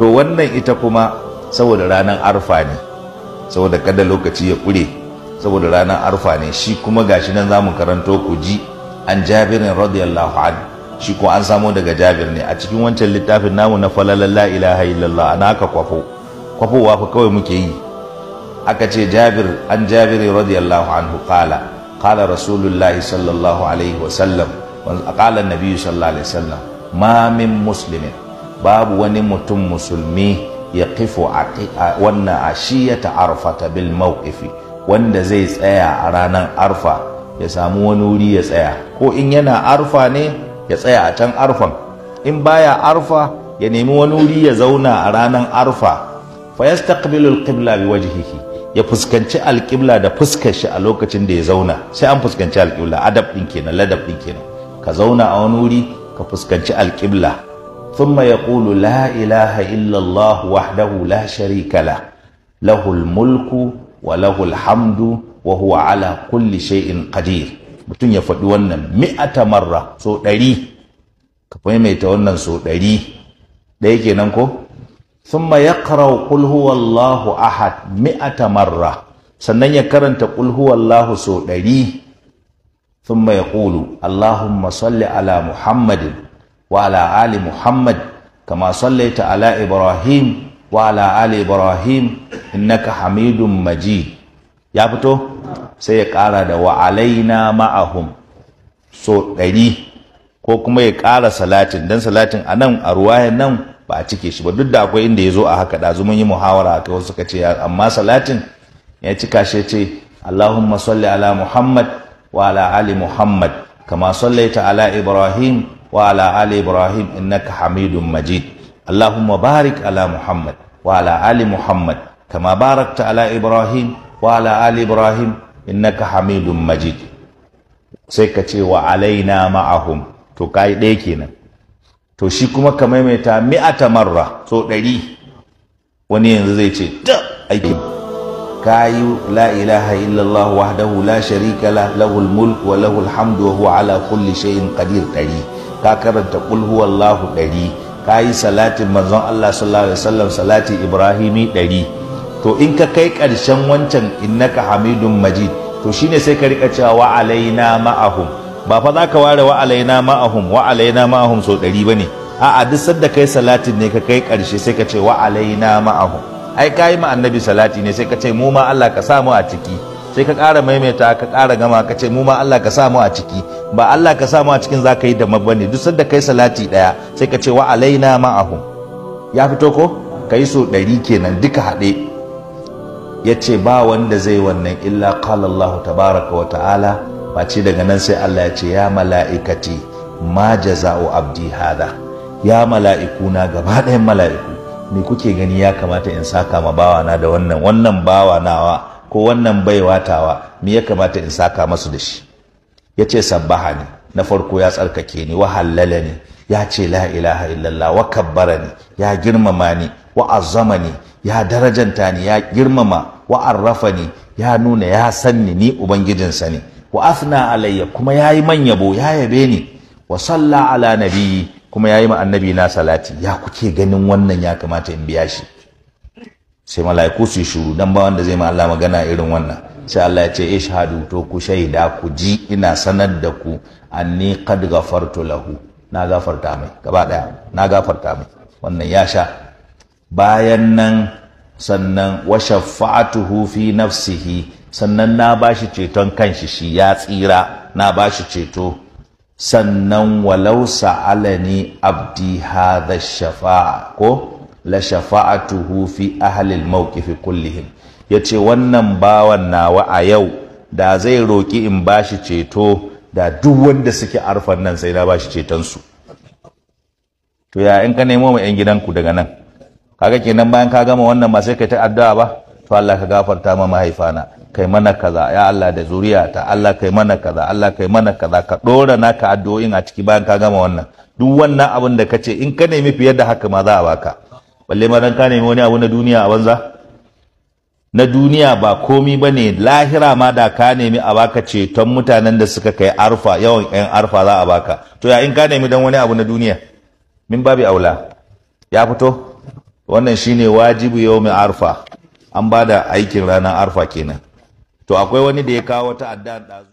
to wannan ita kuma saboda ranar arfa ne saboda kada lokaci ya ƙure saboda ranar arfa ne shi kuma gashi nan zamu karanto ku ji an jabirin radiyallahu an shi ko an samo daga jabir ne a cikin wancan littafin namu na falalan la ilaha illallah ana aka kwafo kwafowa fa kawai muke yi aka ce jabir an jabir radiyallahu anhu qala qala rasulullahi sallallahu alaihi wasallam qala an-nabi sallallahu alaihi wasallam ma min muslimin babu wani mutum musulmi ya kifo wannan ashiyata ta bil mawqifi wanda zai tsaya a ranar arfa ya samu wani wuri ya tsaya ko in yana arfa ne ya tsaya a can arfan in baya arfa ya nemi wani wuri ya zauna a ranar arfa fa yastaqbilu al-qibla bi ya fuskanci alƙibla da fuskar shi a lokacin da ya zauna sai an fuskanci alƙibla adab ɗin kenan ladab ɗin kenan ka zauna a wani wuri ka fuskanci alƙibla ya kulu la ilaha illa Allah wahdahu la sharika la lahul mulku wa lahul hamdu wa huwa ala kulli shay'in qadir mutum ya faɗi wannan mi'ata marra so ɗari ka fahimta wannan so ɗari ɗaya kenan ko thumma yaqra'u qul Allahu ahad mi'ata marra sannan ya karanta qul Allahu so ɗari thumma kulu, allahumma salli ala muhammadin وعلى آل محمد كما صليت على إبراهيم وعلى آل إبراهيم إنك حميد مجيد يا فتو سيقال وعلينا معهم so ɗari ko kuma ya kara salatin don salatin a nan a ruwayan nan ba a cike shi ba duk da akwai inda ya zo a haka da mun yi muhawara kai wasu suka ce amma salatin ya cika shi ce Allahumma salli ala Muhammad wa ala ali Muhammad kama sallaita ala Ibrahim Wa ala Ali Ibrahim in naka Hamidun Majid? Allahu mabaarik ala Muhammad. Wa ala Ali Muhammad. Kama barak ta ala Ibrahim. Wa ala Ibrahim. In naka Hamidun Majid. Sai ka ce wa alaina ma a To ka yi daya kenan. To shi kuma ka maimaita mi'a tamarwa. So ɗari. Wani yanzu zai ce, Da! Aiki kayi la ilaha illallah wahdahu la sharika la lahul mulk wa lahul hamdu wa huwa ala kulli shay'in qadir dari ka karanta qul huwallahu dari kayi salatin manzon Allah sallallahu alaihi wasallam salati ibrahimi dari to in ka kai karshen wancan innaka hamidun majid to shine sai ka rika cewa wa alaina ma'ahum ba fa za ka ware wa alaina ma'ahum wa alaina ma'ahum so dari bane a'a duk sadda kai salatin ne ka kai karshe sai ka ce wa alaina ma'ahum ai ka yi ma annabi salati ne sai ka ce mu ma Allah ka sa mu a ciki sai ka ƙara maimaita ka ƙara gama ka ce mu ma Allah ka sa mu a ciki ba Allah ka sa mu a cikin za ka yi da mabbani duk sanda kai salati ɗaya sai ka ce wa alaina ma'ahu ya fito ko ka yi so ɗari kenan duka haɗe ya ce ba wanda zai wannan illa qala Allah tabaraka wa ta'ala ce daga nan sai Allah ya ce ya mala'ikati ma jaza'u abdi hada ya mala'ikuna gaba ɗayan mala'iku me kuke gani ya kamata in saka ma bawana da wannan wannan bawa nawa ko wannan baiwa tawa me ya kamata in saka masu da shi ya ce sabbaha ne na farko ya tsarkake ni wa hallala ne. ya ce la ilaha illallah wa kabbara ne. ya girmama ni wa azama ne ya darajanta ni ya girmama wa arrafa ne ya nuna ya sanni ni ubangijinsa ne wa na alayya kuma ya yi man yabo ya yabe ni wa salla ala nabiyyi kuma ya yi ma annabi na salati ya kuke ganin wannan ya kamata in biya shi sai mala'iku su yi shuru dan ba wanda zai ma Allah magana irin wannan sai Allah ya ce ishadu to ku shaida ku ji ina sanar da ku anni qad ghafartu lahu na gafarta mai gaba daya na gafarta mai wannan ya sha bayan nan sannan wa shafa'atuhu fi nafsihi sannan na bashi ceton kanshi shi ya tsira na bashi ceto sannan walau sa'alani abdi hadha shafa'a ko la shafa'atuhu fi ahli maukifi mawqif kullihim yace wannan bawan nawa a yau da zai roki in bashi ceto da duk wanda suke arfan nan sai na bashi ceton su to ya in ka nemo ma yan gidanku daga nan kaga kenan bayan ka gama wannan ba sai kai ta addu'a ba to Allah ka gafarta ma mahaifana kai mana kaza ya Allah da zuriyata Allah kai mana kaza Allah kai mana kaza ka dora naka addu'o'in a ciki bayan ka gama wannan duk wannan abin da kace in ka nemi fiye da haka ma za a baka balle ma dan ka nemi wani abu na duniya a banza na duniya ba komi bane lahira ma da ka nemi a baka ton mutanen da suka kai arfa yawan yan arfa za a baka to ya in ka nemi dan wani abu na duniya min babi aula ya fito wannan shine wajibu yawmi arfa an ba da aikin ranar arfa kenan to akwai wani da ya kawo wata adda